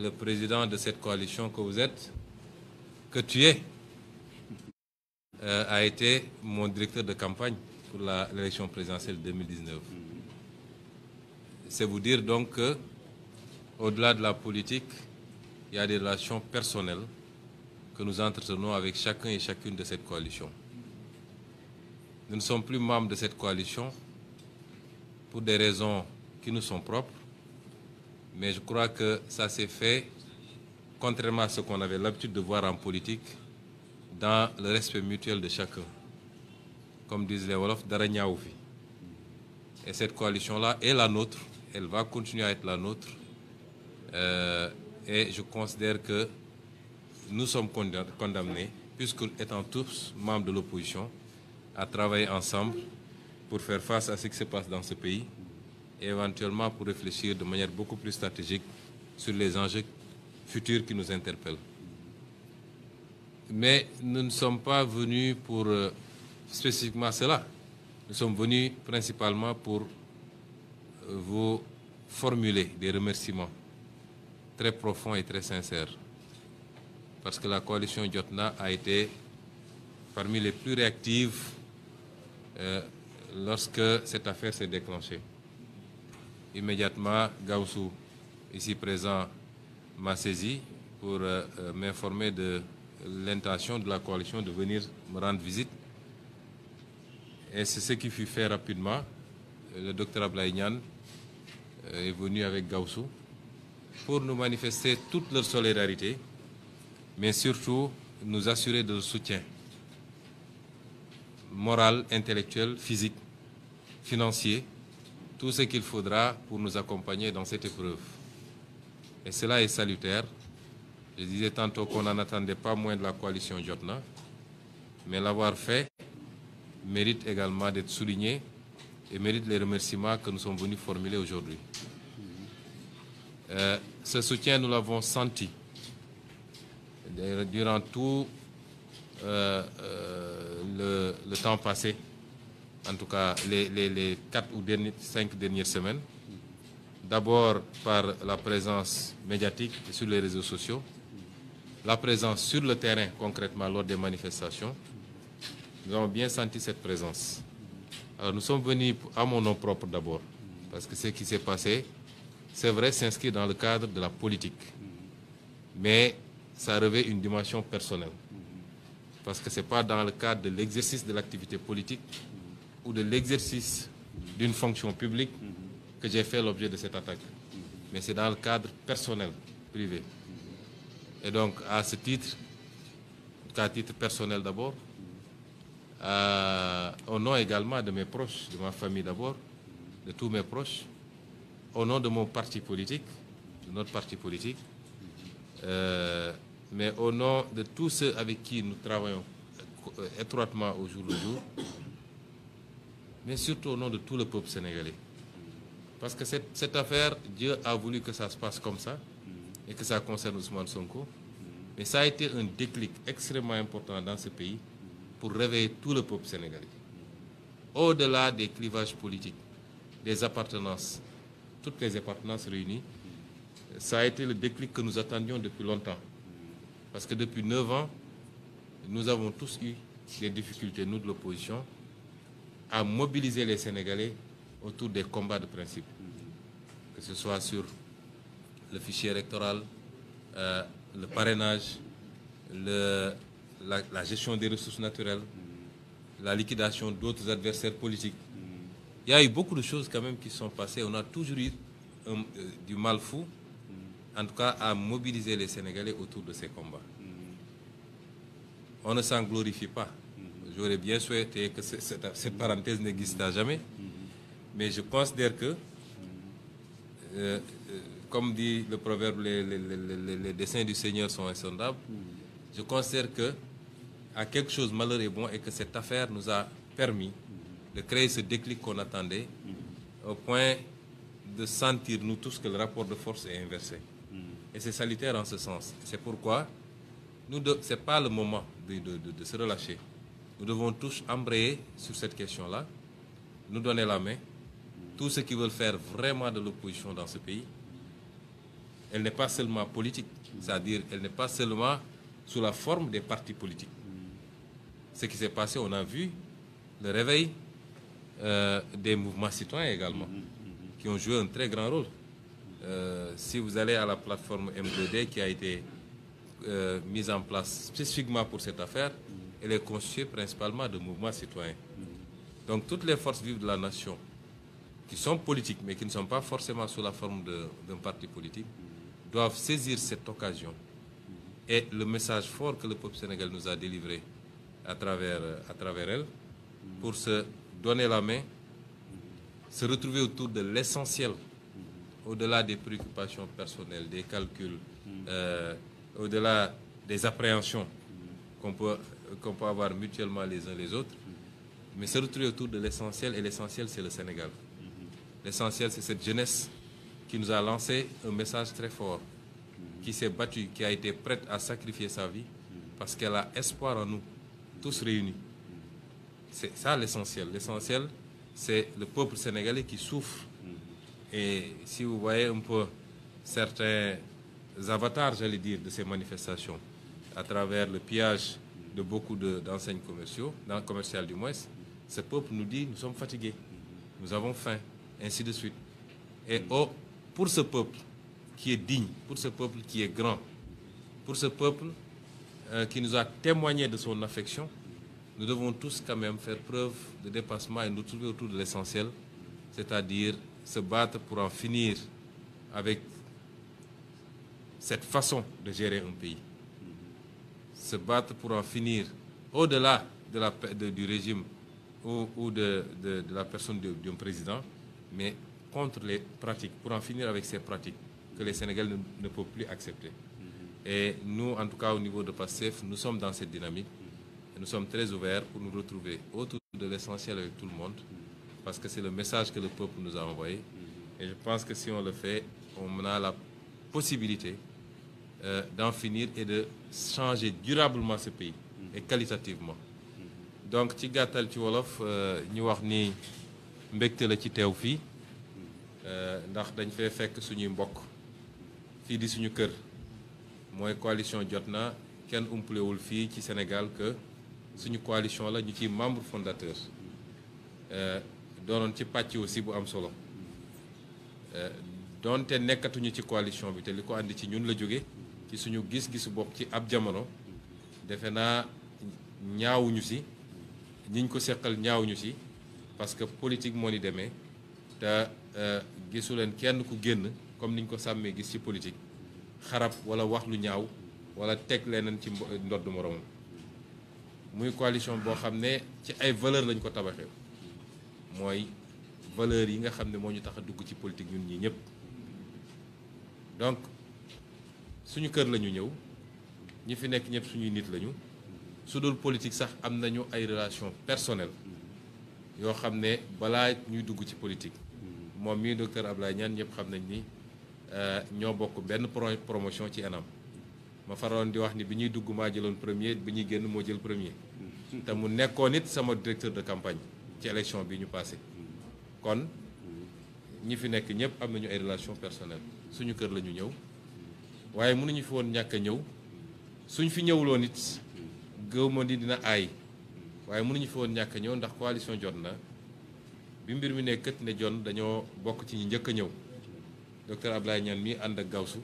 le président de cette coalition que vous êtes, que tu es, euh, a été mon directeur de campagne pour l'élection présidentielle 2019. C'est vous dire donc que, au-delà de la politique, il y a des relations personnelles que nous entretenons avec chacun et chacune de cette coalition. Nous ne sommes plus membres de cette coalition pour des raisons qui nous sont propres, Mais je crois que ça s'est fait, contrairement à ce qu'on avait l'habitude de voir en politique, dans le respect mutuel de chacun. Comme disent les Wolofs, dara ñaawu fi. Et cette coalition-là est la nôtre, elle va continuer à être la nôtre. Euh, et je considère que nous sommes condamnés, puisque étant tous membres de l'opposition, à travailler ensemble pour faire face à ce qui se passe dans ce pays. et éventuellement pour réfléchir de manière beaucoup plus stratégique sur les enjeux futurs qui nous interpellent. Mais nous ne sommes pas venus pour euh, spécifiquement cela. Nous sommes venus principalement pour euh, vous formuler des remerciements très profonds et très sincères. Parce que la coalition Jotna a été parmi les plus réactives euh, lorsque cette affaire s'est déclenchée. Immédiatement, Gaussou, ici présent, m'a saisi pour euh, euh, m'informer de l'intention de la coalition de venir me rendre visite. Et c'est ce qui fut fait rapidement. Le docteur Ablaïnian euh, est venu avec Gaussou pour nous manifester toute leur solidarité, mais surtout nous assurer de leur soutien moral, intellectuel, physique, financier, tout ce qu'il faudra pour nous accompagner dans cette épreuve. Et cela est salutaire. Je disais tantôt qu'on n'en attendait pas moins de la coalition Jotna, mais l'avoir fait mérite également d'être souligné et mérite les remerciements que nous sommes venus formuler aujourd'hui. Euh, ce soutien, nous l'avons senti durant tout euh, euh, le, le temps passé. en tout cas les, les, les quatre ou derniers, cinq dernières semaines. D'abord par la présence médiatique sur les réseaux sociaux, la présence sur le terrain concrètement lors des manifestations. Nous avons bien senti cette présence. Alors nous sommes venus à mon nom propre d'abord, parce que ce qui s'est passé, c'est vrai, s'inscrit dans le cadre de la politique. Mais ça revêt une dimension personnelle, parce que ce n'est pas dans le cadre de l'exercice de l'activité politique ou de l'exercice d'une fonction publique que j'ai fait l'objet de cette attaque. Mais c'est dans le cadre personnel, privé. Et donc, à ce titre, qu'à titre personnel d'abord, euh, au nom également de mes proches, de ma famille d'abord, de tous mes proches, au nom de mon parti politique, de notre parti politique, euh, mais au nom de tous ceux avec qui nous travaillons euh, étroitement au jour le jour, mais surtout au nom de tout le peuple sénégalais. Parce que cette, cette affaire, Dieu a voulu que ça se passe comme ça et que ça concerne Ousmane Sonko. Mais ça a été un déclic extrêmement important dans ce pays pour réveiller tout le peuple sénégalais. Au-delà des clivages politiques, des appartenances, toutes les appartenances réunies, ça a été le déclic que nous attendions depuis longtemps. Parce que depuis 9 ans, nous avons tous eu des difficultés, nous de l'opposition, à mobiliser les Sénégalais autour des combats de principe, que sur le fichier électoral, euh, le parrainage, la, gestion des ressources naturelles, la liquidation d'autres adversaires politiques. Il y a eu beaucoup de choses quand même qui sont passées. On a toujours eu euh, du mal fou, en tout cas à mobiliser les Sénégalais autour de ces combats. On ne s'en glorifie pas. J'aurais bien souhaité que cette, cette parenthèse n'existât jamais. Mais je considère que, euh, euh comme dit le proverbe, les, les, les, les, desseins du Seigneur sont insondables. Je considère que à quelque chose malheur est bon et que cette affaire nous a permis de créer ce déclic qu'on attendait au point de sentir nous tous que le rapport de force est inversé. Et c'est salutaire en ce sens. C'est pourquoi nous ce n'est pas le moment de, de, de, de se relâcher. Nous devons tous embrayer sur cette question-là, nous donner la main. tout ceux qui veulent faire vraiment de l'opposition dans ce pays, elle n'est pas seulement politique, c'est-à-dire elle n'est pas seulement sous la forme des partis politiques. Ce qui s'est passé, on a vu le réveil euh, des mouvements citoyens également, qui ont joué un très grand rôle. Euh, si vous allez à la plateforme M2D qui a été euh, mise en place spécifiquement pour cette affaire, elle est constituée principalement de mouvements citoyens. Donc toutes les forces vives de la nation, qui sont politiques mais qui ne sont pas forcément sous la forme d'un parti politique, doivent saisir cette occasion. Et le message fort que le peuple sénégalais nous a délivré à travers, euh, à travers elle, pour se donner la main, se retrouver autour de l'essentiel, au-delà des préoccupations personnelles, des calculs, euh, au-delà des appréhensions. qu'on peut, qu'on peut avoir mutuellement les uns les autres, mais se retrouver autour de l'essentiel, et l'essentiel, c'est le Sénégal. L'essentiel, c'est cette jeunesse qui nous a lancé un message très fort, qui s'est battue, qui a été prête à sacrifier sa vie, parce qu'elle a espoir en nous, tous réunis. C'est ça l'essentiel. L'essentiel, c'est le peuple sénégalais qui souffre. Et si vous voyez un peu certains avatars, j'allais dire, de ces manifestations, à travers le pillage de beaucoup d'enseignes de, commerciaux, commerciales du moins, ce peuple nous dit nous sommes fatigués, nous avons faim, ainsi de suite. Et oh, pour ce peuple qui est digne, pour ce peuple qui est grand, pour ce peuple euh, qui nous a témoigné de son affection, nous devons tous quand même faire preuve de dépassement et nous trouver autour de l'essentiel, c'est-à-dire se battre pour en finir avec cette façon de gérer un pays. se battre pour en finir au-delà de la, de, du régime ou, de, de, de, la personne d'un président, mais contre les pratiques, pour en finir avec ces pratiques que les Sénégalais ne, ne peuvent plus accepter. Mm-hmm. nous, en tout cas niveau de PASSEF, nous sommes dans cette dynamique. Et nous sommes très ouverts pour nous retrouver autour de l'essentiel avec tout le monde, mm-hmm. parce que c'est le message que le peuple nous a envoyé. Mm-hmm. Et je pense que si on le fait, on a la possibilité euh, d'en finir et de changer durablement ce pays et qualitativement donc ci gàttal ci wolof euh, ñu wax ni mbégte la ci teew fii euh, ndax dañ fee fekk suñuy mbokk fii di suñu kër mooy coalition na kenn umpulewul fii ci Sénégal que suñu coalition la ñu ci membre fondateur euh, doonoon ci pàcc aussi bu am solo doonte nekkatuñu ci coalition bi te li ko àndi ci ñun la jóge suñu gis-gisu bopp ci ab jamono defe naa ñaawuñu si ñiñ ko seqal ñaawuñu si parce que politique moo ni demee te euh, gisu leen kenn ku génn comme niñ ko sàmmee gis ci politique xarab wala wax lu ñaaw wala teg leneen ci ndodd moroomam muy coalition boo xam ne ci ay valeur lañ ko tabaxee mooy valeur yi nga xam ne moo ñu tax a dugg ci politique ñun ñi ñëpp donc suñu kër la ñu ñëw ñi fi nekk ñëpp suñuy nit lañu su dul politique sax am nañu ay relation personnelle yoo xam ne balaa ñuy dugg ci politique moom mii docteur Ablaye Niane ñëpp xam nañ ni euh, ñoo bokk benn promotion ci anam ma faroon di wax ni bi ñuy dugg maa jëloon premier bi ñuy génn moo jël premier te mu nekkoon it sama directeur de campagne ci élection bi ñu passé kon ñi fi nekk ñëpp am nañu ay relation personnelle suñu kër la ñu ñëw waaye mënuñu fi woon ñàkk a ñëw suñ fi ñëwuloon it gëw ni dina ay waaye mënuñu fi woon ñàkk a ñëw ndax coalition jot na bi mbir mi ne kët ne jon dañoo bokk ci ñu njëkk a ñëw docteur Ablaye Niane mi ànd ak Gawsu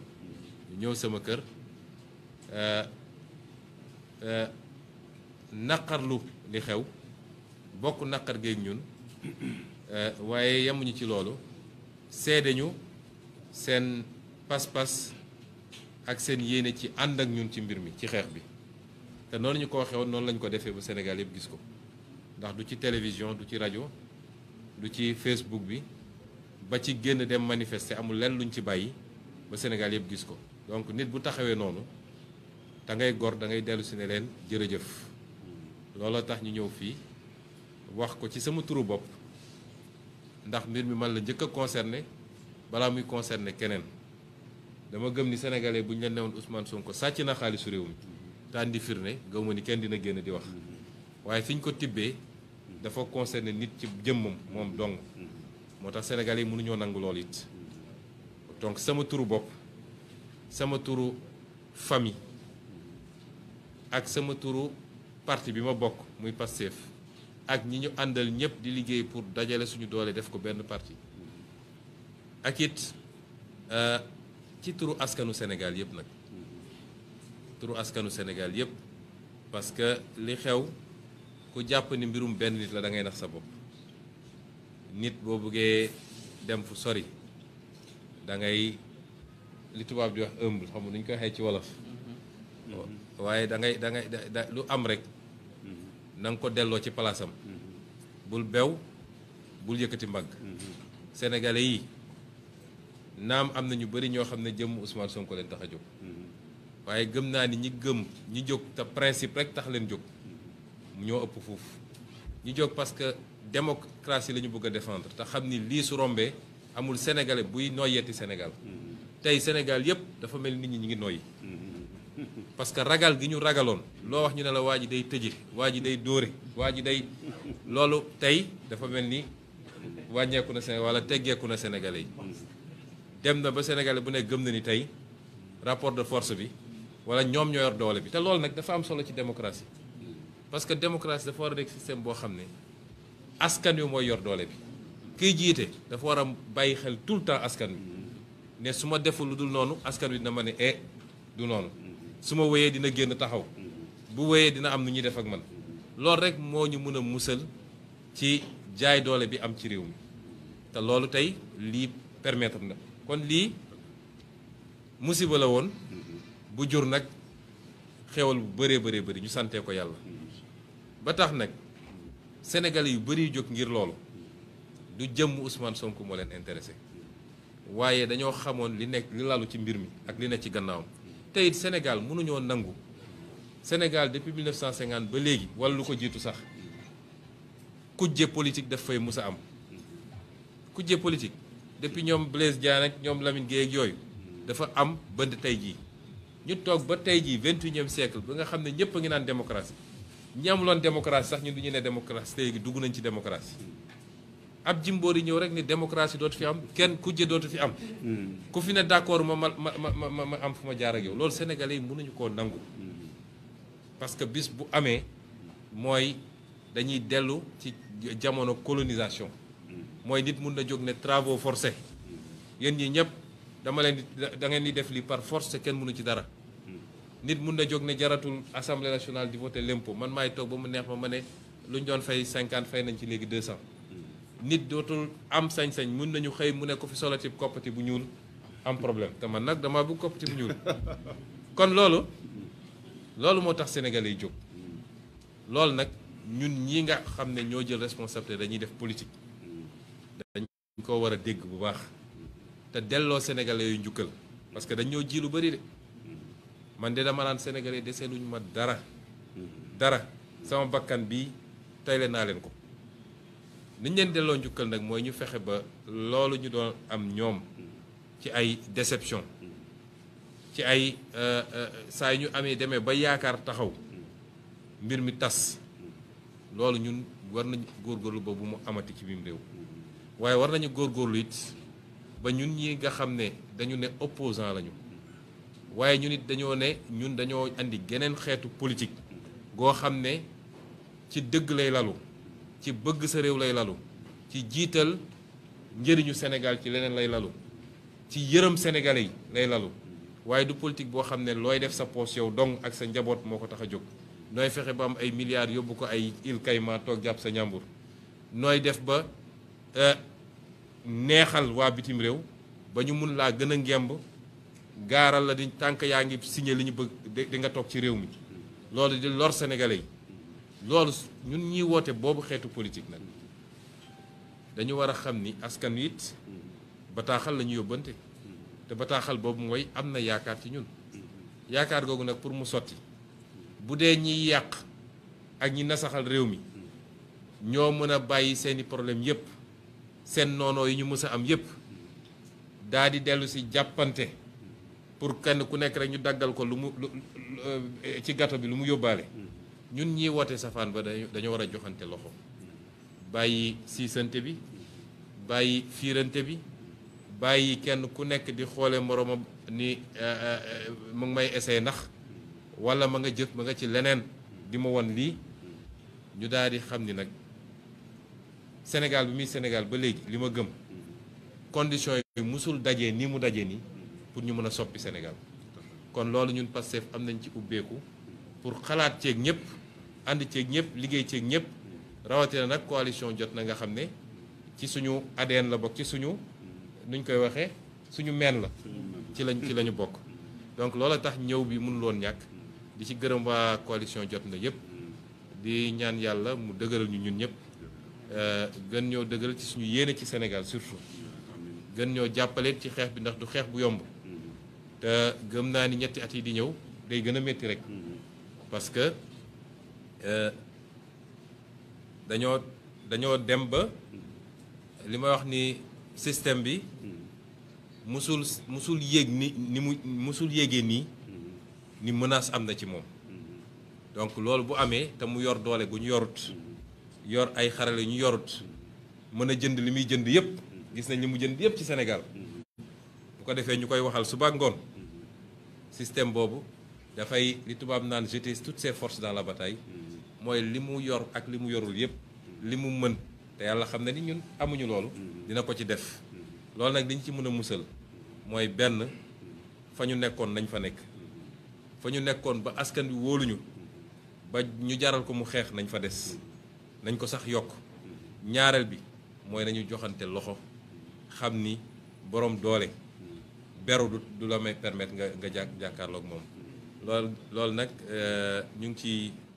ñëw sama kër euh, euh, naqarlu di xew bokk naqar géeg ñun euh, waaye yemuñu ci loolu seede ñu seen pas-pas ak seen yéene ci ànd ak ñun ci mbir mi ci xeex bi te noonu ñu ko waxee woon noonu lañ ko defee bu Sénégal yëpp gis ko ndax du ci télévision du ci rajo du ci Facebook bi ba ci génn dem manifester amul lenn luñ ci bàyyi ba Sénégal yëpp gis ko donc nit bu taxawee noonu da ngay gor da ngay dellu si ne leen jërëjëf looloo tax ñu ñëw fii wax ko ci sama turu bopp ndax mbir mi man la njëkk a concerné balaa muy concerné keneen dama gëm ni sénégalais bu ñu leen newoon Ousmane Sonko sàcc na xaalisu réew mi daan di firnde gaw ma ni kenn dina génn di wax waaye fi ñu ko tibbee dafa concerné nit ci jëmmam moom dong moo tax sénégalais yi mënuñoo nangu lool it donc sama turu bopp sama turu famille ak sama turu parti bi ma bokk muy Pastef ak ñi ñu àndal ñëpp di liggéey pour dajale suñu doolee def ko benn parti ak it euh, ci turu askanu senegal yëpp nag turu askanu senegal yëpp parce que li xew ku jàpp ni mbirum benn nit la da ngay nax sa bopp nit boo buggee dem fu sori dangay li tubaab di wax ëmb xam nga nu ñu koy waxee ci wolof waaye da ngay da da lu am rek na ko delloo ci palaasam bul bew bul yëkkati mbagg sénégalais yi naam am na ñu bëri ñoo xam ne jëmm jëm Ousmane Sonko leen tax a jóg waaye gëm naa ni ñi gëm ñi jóg te principe rek tax leen jóg ñoo ëpp foofu ñu jóg parce que démocratie la ñu bëgg a défendre te xam ni lii su rombee amul sénégalais buy noyyeeti Sénégal tey Sénégal yépp dafa mel nit ñi ñu ngi noyyi parce que ragal gi ñu ragaloon loo wax ñu ne la waa ji day tëje waa ji day dóore waa ji day loolu tey dafa mel ni wàññeeku na Sénégal wala teggeeku na sénégale yi dem na ba sénégalais bu nekk gëm na ni tey rapport de force bi wala ñoom ñoo yor doole bi te loolu nag dafa am solo ci démocratie parce que démocratie dafa war a nekk système boo xam ne askan wi mooy yor doole bi kiy jiite dafa war a bàyyi xel tout le temps askan wi ne su ma deful lu dul noonu askan wi dina ma ne eh du noonu su ma wéyee dina génn taxaw bu wéyee dina am nu ñuy def ak man loolu rek moo ñu mën a musal ci jaay doole bi am ci réew mi te loolu tey lii permettre na. kon lii musiba la woon bu jur nag xewal bu bëree bëree bari ñu santee ko yàlla ba tax nag senegal yu bëri jóg ngir loolu du jëmm Ousmane Sonko moo leen intéressé waaye dañoo xamoon li nekk li lalu ci mbir mi ak li nekk ci gannaawam te it Sénégal mënuñoo nangu senegaal depuis 1950 ba léegi wala lu ko jiitu sax kujje politique daf fay mus a am kujje politique. depuis ñoom Blaise Diagne ñoom Lamine Gueye yooyu dafa am bënd tey jii ñu toog ba tey jii vingt unième siècle ba nga xam ne ñëpp a ngi naan démocratie ñi amuloon démocratie sax ñun du ñu ne démocratie tey dugg nañ ci démocratie ab jimboor yi ñëw rek ni démocratie dootu fi am kenn kujje dootu fi am. Hmm. ku fi ne d'accord ma ma ma ma ma am fu ma jaar ak yow loolu sénégalais yi mënuñu koo nangu. Hmm. parce que bis bu amee mooy dañuy dellu ci jamono colonisation. mooy nit mun na jóg ne travaux forcés yéen ñi ñëpp dama leen di da ngeen di def lii par force kenn mënu ci dara nit mun na jóg ne jaratul assemblée nationale di voter lempo man maay toog ba mu neex ma ma ne lu ñu doon fay 50 fay nañ ci léegi 200. nit dootul am sañ-sañ mun nañu xëy mu ne ko fi solo ci koppati bu ñuul am problème te man nag damaa bëgg koppati bu ñuul kon loolu loolu moo tax sénégalais yi jóg loolu nag ñun ñi nga xam ne ñoo jël responsabilité dañuy def politique. dañ ko war a dégg bu baax te delloo sénégalais yu njukkal parce que dañoo ji lu bëri de man de dama naan sénégalais dese luñu ma dara dara sama bakkan bi tayle naa leen ko niñ leen delloo njukkal nag mooy ñu fexe ba loolu ñu doon am ñoom ci ay déception ci ay euh, euh, saa yu ñu amee demee ba yaakaar taxaw mbir mi tas loolu ñun war nañ góorgóorlu ba bu mu amati ci biim réew waaye war nañu góorgóorlu it ba ñun ñi nga xam ne dañu ne opposant lañu waaye ñun it dañoo ne ñun dañoo andi geneen xeetu politique goo xam ne ci dëgg lay lalu ci bëgg sa réew lay lalu ci jiital njëriñu senegal ci leneen lay lalu ci yërëm Sénégalais yi lay lalu waaye du politique boo xam ne looy def sa poos yow dong ak sa njaboot moo ko tax a jóg nooy fexe ba am ay milliards yóbbu ko ay Îles Caïmans toog jàpp sa ñàmbur nooy def ba euh, neexal waa bitim réew ba ñu mun laa gën a ngemb gaaral la di tànk yaa ngi signé li ñu bëgg di nga toog ci réew mi loolu di lor sénégalais yi loolu ñun ñiy woote boobu xeetu politique nag dañu war a xam ni askan wit bataaxal lañu yóbbante te bataaxal boobu mooy am na yaakaar ci ñun yaakaar googu nag pour mu sotti bu dee ñiy yàq ak ñi nasaxal réew mi ñoo mën a bàyyi seeni problème yépp seen noonoo yi ñu mës a am yépp daa di dellu si jàppante pour kenn ku nekk rek ñu daggal ko lu mu ci gato bi lu mu yóbbaale ñun ñiy woote safaan ba dañoo war a joxante loxo bàyyi siisante bi bàyyi fiirante bi bàyyi kenn ku nekk di xoole moroomam ni eh, eh, mu ngi may essayé ndax walla ma nga jëf ma nga ci leneen di ma won lii ñu daal di xam ni nag Sénégal bi muy Sénégal ba léegi li ma gëm conditions yi musul dajee ni mu dajee nii pour ñu mën a soppi Sénégal kon loolu ñun Pastef am nañ ci ubbeeku pour xalaat ceeg ñëpp ànd ceeg ñëpp liggéey ceeg ñëpp rawatina nag coalition jot na nga xam ne ci suñu ADN la bokk ci suñu nuñ koy waxee suñu meen la ci lañ ci lañu bokk donc loola tax ñëw bi mënul woon ñàkk di ci gërëm waa coalition jot na yëpp di ñaan yàlla mu dëgëral ñu ñun ñëpp Euh, gën ñoo dëgëral ci suñu yéene ci Sénégal surtout gën ñoo jàppale ci xeex bi ndax du xeex bu yomb te gëm naa ni ñetti at yi di ñëw day gën a métti rek parce que euh, dañoo dañoo dem ba li ma wax ni système bi musul musul yéeg ni ni mu mosul yéegee nii ni menace am na ci moom donc loolu bu amee te mu yor doole gu ñu yorut yor ay xarale ñu yorut mën a jënd li muy jënd yëpp gis nañ li mu jënd yëpp ci senegal bu ko defee ñu koy waxal subaa ngoon système boobu dafay li tubaab naan jeter toutes ses forces dans ba bataille mooy li mu yor ak li mu yorul yëpp li mu mën te yàlla xam na ni ñun amuñu loolu dina ko ci def loolu nag liñ ci mën a musal mooy benn fa ñu nekkoon nañ fa nekk fa ñu nekkoon ba askan wi wóoluñu ba ñu jaral ko mu xeex nañ fa des nañ ko sax yokk ñaareel bi mooy nañu joxante loxo xam ni borom doole beru du la may permettre nga nga jàkkaarloog moom loolu loolu nag euh, ñu ngi ci